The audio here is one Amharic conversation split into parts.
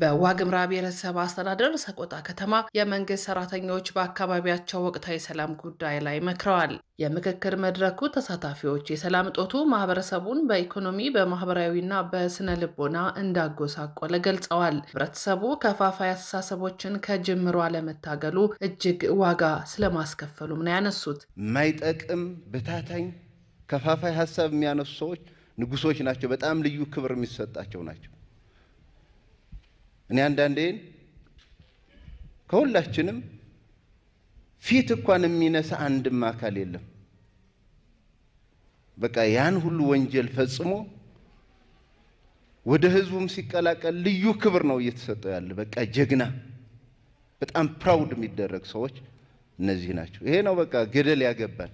በዋግምራ ብሔረሰብ አስተዳደር ሰቆጣ ከተማ የመንግስት ሰራተኞች በአካባቢያቸው ወቅታዊ ሰላም ጉዳይ ላይ መክረዋል። የምክክር መድረኩ ተሳታፊዎች የሰላም እጦቱ ማህበረሰቡን በኢኮኖሚ በማህበራዊና በስነ ልቦና እንዳጎሳቆለ ገልጸዋል። ህብረተሰቡ ከፋፋይ አስተሳሰቦችን ከጅምሮ አለመታገሉ እጅግ ዋጋ ስለማስከፈሉም ነው ያነሱት። ማይጠቅም ብታታኝ ከፋፋይ ሀሳብ የሚያነሱ ሰዎች ንጉሶች ናቸው። በጣም ልዩ ክብር የሚሰጣቸው ናቸው። እኔ አንዳንዴን ከሁላችንም ፊት እንኳን የሚነሳ አንድም አካል የለም። በቃ ያን ሁሉ ወንጀል ፈጽሞ ወደ ህዝቡም ሲቀላቀል ልዩ ክብር ነው እየተሰጠው ያለ። በቃ ጀግና፣ በጣም ፕራውድ የሚደረግ ሰዎች እነዚህ ናቸው። ይሄ ነው በቃ ገደል ያገባል።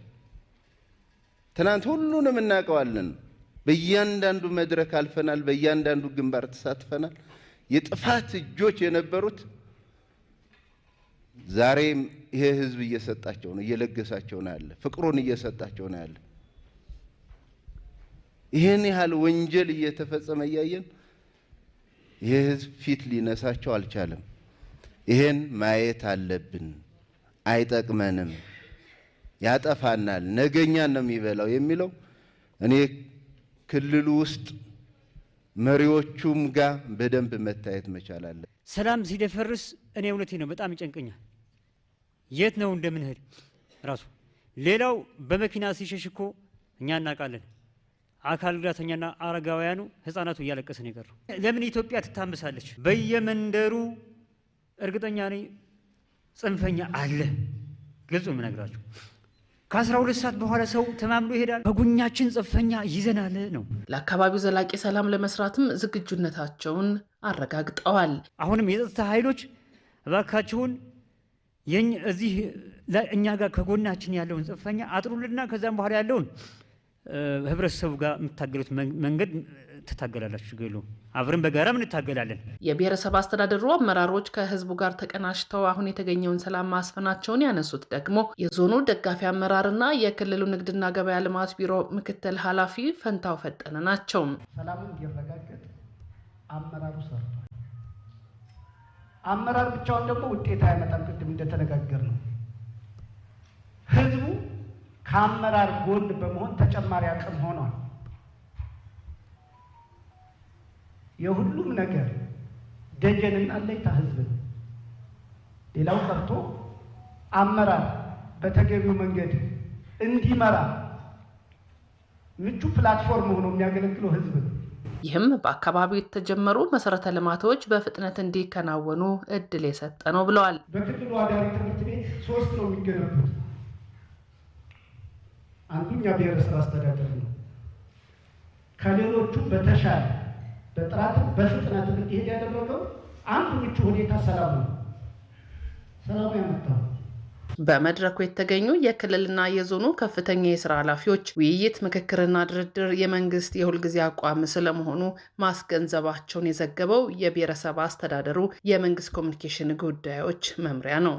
ትናንት ሁሉንም እናውቀዋለን። በእያንዳንዱ መድረክ አልፈናል። በእያንዳንዱ ግንባር ተሳትፈናል። የጥፋት እጆች የነበሩት ዛሬም ይሄ ህዝብ እየሰጣቸው ነው፣ እየለገሳቸው ነው ያለ፣ ፍቅሩን እየሰጣቸው ነው ያለ። ይህን ያህል ወንጀል እየተፈጸመ እያየን ይህ ህዝብ ፊት ሊነሳቸው አልቻለም። ይህን ማየት አለብን። አይጠቅመንም፣ ያጠፋናል፣ ነገኛን ነው የሚበላው የሚለው እኔ ክልሉ ውስጥ መሪዎቹም ጋር በደንብ መታየት መቻል አለ። ሰላም ሲደፈርስ እኔ እውነቴ ነው በጣም ይጨንቀኛል። የት ነው እንደምንሄድ ራሱ ሌላው በመኪና ሲሸሽ እኮ እኛ እናውቃለን። አካል ጉዳተኛና አረጋውያኑ ህፃናቱ እያለቀስን የቀሩ ለምን ኢትዮጵያ ትታምሳለች? በየመንደሩ እርግጠኛ ነኝ ጽንፈኛ አለ። ግልጹ የምነግራቸው ከአስራ ሁለት ሰዓት በኋላ ሰው ተማምሎ ይሄዳል። በጉኛችን ጽንፈኛ ይዘናል ነው። ለአካባቢው ዘላቂ ሰላም ለመስራትም ዝግጁነታቸውን አረጋግጠዋል። አሁንም የጸጥታ ኃይሎች እባካችሁን እዚህ እኛ ጋር ከጎናችን ያለውን ጽንፈኛ አጥሩልና ከዛም በኋላ ያለውን ህብረተሰቡ ጋር የምታገሉት መንገድ ትታገላላችሁ። ችግር አብረን በጋራ እንታገላለን። የብሔረሰብ አስተዳደሩ አመራሮች ከህዝቡ ጋር ተቀናጅተው አሁን የተገኘውን ሰላም ማስፈናቸውን ያነሱት ደግሞ የዞኑ ደጋፊ አመራርና የክልሉ ንግድና ገበያ ልማት ቢሮ ምክትል ኃላፊ ፈንታው ፈጠነ ናቸው። ሰላሙ እንዲረጋገጥ አመራሩ ሰርቷል። አመራር ብቻውን ደግሞ ውጤት አያመጣም። ቅድም እንደተነጋገር ነው ከአመራር ጎን በመሆን ተጨማሪ አቅም ሆኗል። የሁሉም ነገር ደጀንና ለይታ ህዝብ ሌላው ቀርቶ አመራር በተገቢው መንገድ እንዲመራ ምቹ ፕላትፎርም ሆኖ የሚያገለግለው ህዝብ ነው። ይህም በአካባቢው የተጀመሩ መሰረተ ልማቶች በፍጥነት እንዲከናወኑ እድል የሰጠ ነው ብለዋል። በክልሉ አዳሪ ትምህርት ቤት ሶስት ነው የሚገነቡት አንዱኛ ብሔረሰብ አስተዳደር ነው። ከሌሎቹ በተሻለ በጥራት በፍጥነት እንዲሄድ ያደረገው አንዱ ምቹ ሁኔታ ሰላም ነው። ሰላሙ ያመጣው በመድረኩ የተገኙ የክልልና የዞኑ ከፍተኛ የስራ ኃላፊዎች ውይይት፣ ምክክርና ድርድር የመንግስት የሁልጊዜ አቋም ስለመሆኑ ማስገንዘባቸውን የዘገበው የብሔረሰብ አስተዳደሩ የመንግስት ኮሚኒኬሽን ጉዳዮች መምሪያ ነው።